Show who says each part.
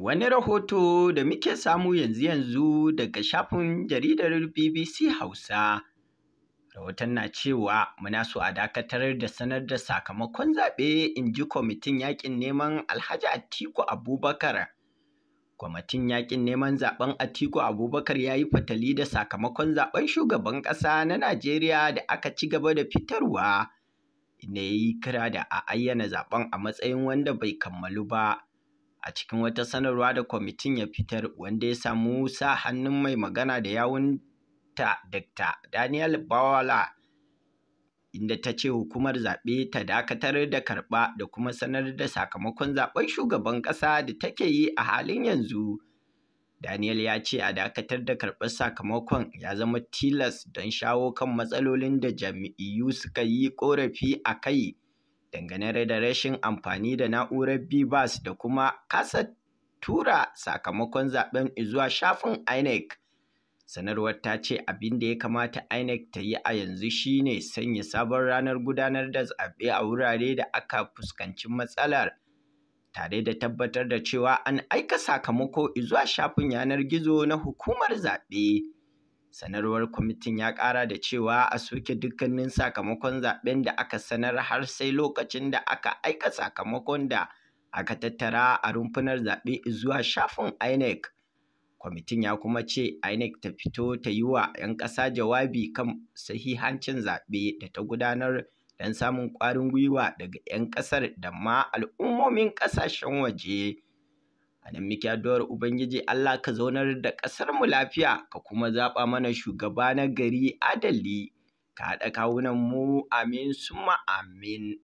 Speaker 1: Wani rahoto da muke samu yanzu-yanzu daga shafin jaridar BBC Hausa, rahoton na cewa muna so a dakatar da sanar da sakamakon zaɓe in ji kwamitin yaƙin neman Alhaji Atiku Abubakar. Kwamitin yaƙin neman zaɓen Atiku Abubakar ya yi fatali da sakamakon zaɓen shugaban ƙasa na Najeriya da aka ci gaba da fitarwa, ya yi kira da a ayyana zaɓen a matsayin wanda bai kammalu ba. a cikin wata sanarwa da kwamitin ya fitar wanda ya samu sa hannun mai magana da yawun ta Dr. Daniel bawala inda ta ce hukumar zaɓe ta dakatar da karɓa da kuma sanar da sakamakon zaɓen shugaban ƙasa da take yi a halin yanzu. Daniel ya ce a dakatar da karɓar sakamakon ya zama tilas don shawo kan matsalolin da jam'iyyu suka yi ƙorafi a kai. dangane da rashin amfani da na'urar bbas da kuma kasa tura sakamakon zaɓen zuwa shafin INEC. Sanarwar ta ce abin da ya kamata INEC ta yi a yanzu shine sanya sabon ranar gudanar da zaɓe a wurare da aka fuskanci matsalar tare da tabbatar da cewa an aika sakamako zuwa shafin yanar gizo na hukumar zaɓe. sanarwar kwamitin ya ƙara da cewa a soke dukkanin sakamakon zaɓen da aka sanar har sai lokacin da aka aika sakamakon da aka tattara a rumfunar zaɓe zuwa shafin INEC. Kwamitin ya kuma ce INEC ta fito ta yi wa 'yan ƙasa jawabi kan sahihancin zaɓe da ta gudanar don samun ƙwarin gwiwa daga 'yan ƙasar da ma al'ummomin ƙasashen waje. a nan muke addu'ar ubangiji Allah ka zaunar da ƙasar mu lafiya ka kuma zaɓa mana shugaba na gari adali ka haɗa kawunan mu amin summa amin